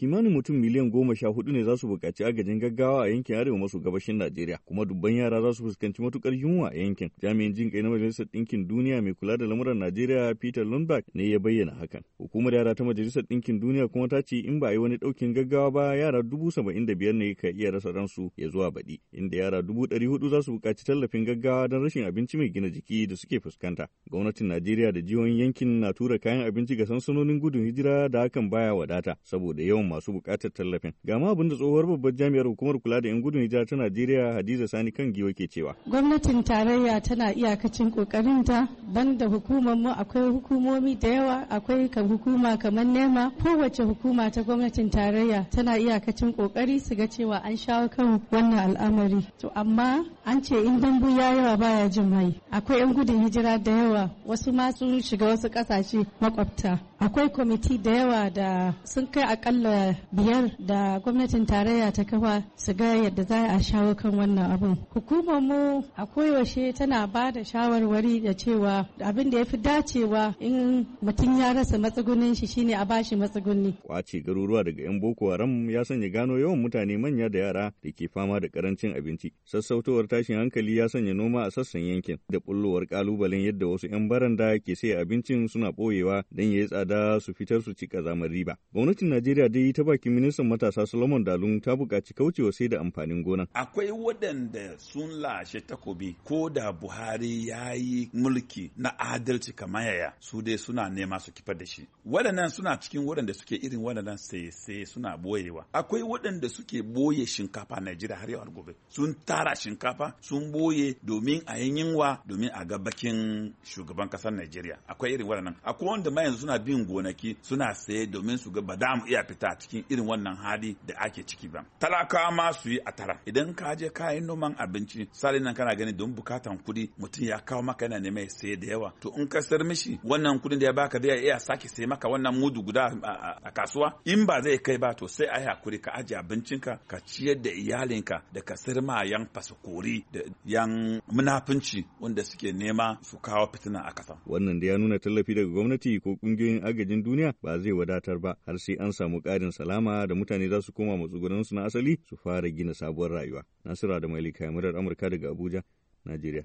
kimanin mutum miliyan goma sha hudu ne za su buƙaci agajin gaggawa a yankin arewa maso gabashin Najeriya kuma dubban yara za su fuskanci matukar yunwa a yankin. Jami'in jin kai na Majalisar Ɗinkin Duniya mai kula da lamuran Najeriya Peter Lundberg ne ya bayyana hakan. Hukumar yara ta Majalisar Ɗinkin Duniya kuma ta ce in ba a yi wani ɗaukin gaggawa ba yara dubu saba'in da biyar ne ka iya rasa ransu ya zuwa baɗi inda yara dubu ɗari hudu za su buƙaci tallafin gaggawa don rashin abinci mai gina jiki da suke fuskanta. Gwamnatin Najeriya da jihohin yankin na tura kayan abinci ga sansanonin gudun hijira da hakan baya wadata saboda yawan masu buƙatar tallafin. Ga ma abin da tsohuwar babbar jami'ar hukumar kula da 'yan gudun hijira ta Najeriya Hadiza Sani kan giwa ke cewa. Gwamnatin tarayya tana iyakacin ƙoƙarinta banda hukumar mu akwai hukumomi da yawa akwai kan hukuma kamar nema kowace hukuma ta gwamnatin tarayya tana iyakacin kokari su ga cewa an shawo kan wannan al'amari. To amma an ce in dambu ya yawa baya jin mai. Akwai 'yan gudun hijira da yawa wasu ma sun shiga wasu kasashe makwabta. Akwai kwamiti da yawa da sun kai akalla biyar da gwamnatin tarayya ta kafa su ga yadda za a shawo kan wannan abin. Hukumar mu a koyaushe tana ba da shawarwari da cewa abin da ya fi dacewa in mutum ya rasa matsugunin shi shine a bashi matsuguni. Kwace garuruwa daga 'yan Boko Haram ya sanya gano yawan mutane manya da yara da ke fama da karancin abinci. Sassautowar tashin hankali ya sanya noma a sassan yankin da bullowar kalubalen yadda wasu 'yan baranda ke sai abincin suna boyewa don yayi tsada su fitar su ci kazamar riba. Gwamnatin Najeriya dai yi ta bakin ministan matasa Solomon Dalun ta buƙaci kaucewa sai da amfanin gonan. Akwai waɗanda sun lashe takobi ko da Buhari ya yi mulki na adalci kamar yaya su dai suna nema su kifar da shi. Waɗannan suna cikin waɗanda suke irin waɗannan sai suna boyewa. Akwai waɗanda suke boye shinkafa Najeriya har yau gobe. Sun tara shinkafa sun boye domin a yinwa domin a gabakin shugaban ƙasar Najeriya. Akwai irin waɗannan. Akwai wanda ma yanzu suna bin gonaki suna saye domin su ga ba da mu iya fita cikin irin wannan hali da ake ciki ba talakawa ma su yi a tara idan ka je kayan noman abinci salin nan kana gani don bukatan kuɗi mutum ya kawo maka yana neman sai da yawa to in ka sayar mishi wannan kuɗin da ya baka zai iya sake sai maka wannan mudu guda a kasuwa in ba zai kai ba to sai a yi hakuri ka ajiye abincinka ka ciyar da iyalinka da ka sayar ma yan fasakori da yan munafunci wanda suke nema su kawo fitina a kasa wannan da ya nuna tallafi daga gwamnati ko ƙungiyoyin agajin duniya ba zai wadatar ba har sai an samu ƙarin rashin salama da mutane za su koma su na asali su fara gina sabuwar rayuwa. Nasira da Mailika Yamurar Amurka daga Abuja, Najeriya.